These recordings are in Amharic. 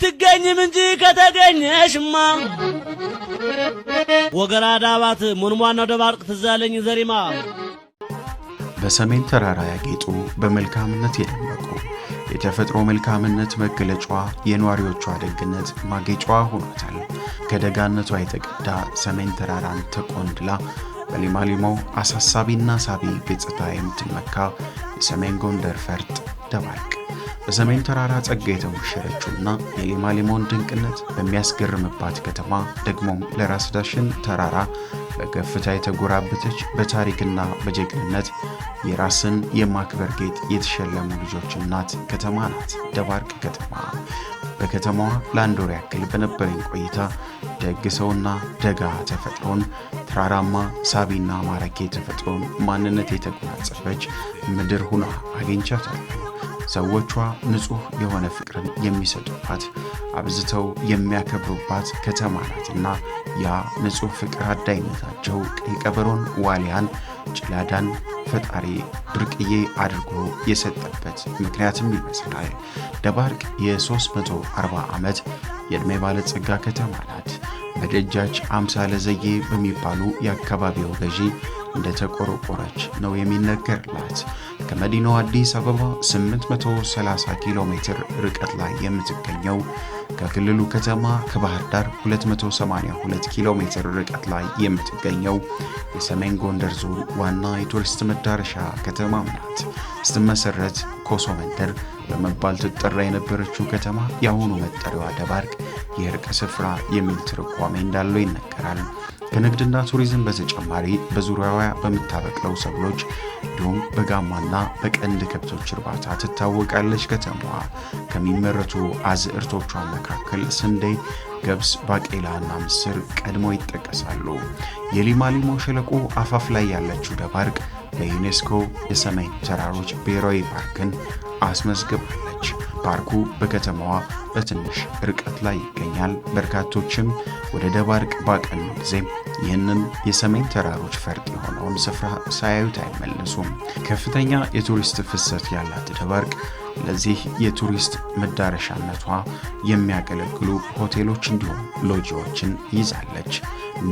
አትገኝም እንጂ ከተገኘሽማ ወገራ ዳባት ሙንሟና ደባርቅ ትዛለኝ ዘሪማ በሰሜን ተራራ ያጌጡ በመልካምነት የደመቁ የተፈጥሮ መልካምነት መገለጫዋ የነዋሪዎቿ ደግነት ማጌጫዋ ሆኗታል። ከደጋነቷ የተቀዳ ሰሜን ተራራን ተቆንድላ በሊማሊማው አሳሳቢና ሳቢ ገጽታ የምትመካ የሰሜን ጎንደር ፈርጥ ደባርቅ በሰሜን ተራራ ጸጋ የተሞሸረችውና የኢማሊሞን ድንቅነት በሚያስገርምባት ከተማ ደግሞም ለራስ ዳሽን ተራራ በከፍታ የተጎራበተች በታሪክና በጀግንነት የራስን የማክበር ጌጥ የተሸለሙ ልጆች እናት ከተማ ናት ደባርቅ ከተማ። በከተማዋ ለአንድ ወር ያክል በነበረኝ ቆይታ ደግ ሰውና ደጋ ተፈጥሮን፣ ተራራማ ሳቢና ማራኪ ተፈጥሮን ማንነት የተጎናጸፈች ምድር ሁና አግኝቻታለሁ። ሰዎቿ ንጹህ የሆነ ፍቅርን የሚሰጡባት አብዝተው የሚያከብሩባት ከተማ እና ያ ንጹህ ፍቅር አዳይነታቸው ቀይ ቀበሮን፣ ዋሊያን፣ ጭላዳን ፈጣሪ ብርቅዬ አድርጎ የሰጠበት ምክንያትም ይመስላል። ደባርቅ የ340 ዓመት የዕድሜ ባለጸጋ ከተማ ናት። በደጃች አምሳለ ዘዬ በሚባሉ የአካባቢው ገዢ እንደተቆረቆረች ነው የሚነገርላት። ከመዲናው አዲስ አበባ 830 ኪሎ ሜትር ርቀት ላይ የምትገኘው ከክልሉ ከተማ ከባህር ዳር 282 ኪሎ ሜትር ርቀት ላይ የምትገኘው የሰሜን ጎንደር ዞን ዋና የቱሪስት መዳረሻ ከተማም ናት። ስትመሰረት ኮሶ መንደር በመባል ትጠራ የነበረችው ከተማ የአሁኑ መጠሪያዋ ደባርቅ የእርቅ ስፍራ የሚል ትርጓሜ እንዳለው ይነገራል። ከንግድና ቱሪዝም በተጨማሪ በዙሪያዋ በምታበቅለው ሰብሎች እንዲሁም በጋማና በቀንድ ከብቶች እርባታ ትታወቃለች። ከተማዋ ከሚመረቱ አዝዕርቶቿ መካከል ስንዴ፣ ገብስ፣ ባቄላና ምስር ቀድሞ ይጠቀሳሉ። የሊማሊሞ ሸለቆ አፋፍ ላይ ያለችው ደባርቅ በዩኔስኮ የሰሜን ተራሮች ብሔራዊ ፓርክን አስመዝግባለች። ፓርኩ በከተማዋ በትንሽ ርቀት ላይ ይገኛል። በርካቶችም ወደ ደባርቅ ባቀኑ ጊዜ ይህንን የሰሜን ተራሮች ፈርጥ የሆነውን ስፍራ ሳያዩት አይመለሱም። ከፍተኛ የቱሪስት ፍሰት ያላት ደባርቅ ለዚህ የቱሪስት መዳረሻነቷ የሚያገለግሉ ሆቴሎች እንዲሁም ሎጂዎችን ይዛለች።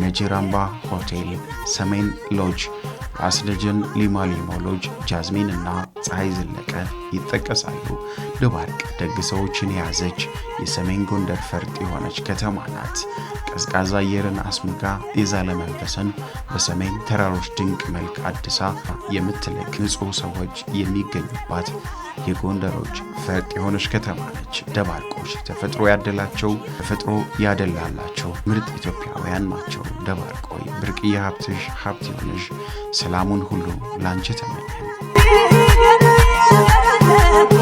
ነጅራምባ ሆቴል፣ ሰሜን ሎጅ፣ ራስ ሊማሊሞ ሎጅ፣ ጃዝሚን እና ፀሐይ ዘለቀ ይጠቀሳሉ። ደባርቅ ደግ ሰዎችን የያዘች የሰሜን ጎንደር ፈርጥ የሆነች ከተማ ናት። ቀዝቃዛ አየርን አስምጋ የዛለ መንፈስን በሰሜን ተራሮች ድንቅ መልክ አድሳ የምትልክ ንጹሕ ሰዎች የሚገኙባት የጎንደሮች ፈርጥ የሆነች ከተማ ነች። ደባርቆች ተፈጥሮ ያደላቸው ተፈጥሮ ያደላላቸው ምርጥ ኢትዮጵያውያን ናቸው። ደባርቆይ ብርቅዬ ሀብትሽ ሀብት የሆነሽ ሰላሙን ሁሉ ላንቺ ተመኘን።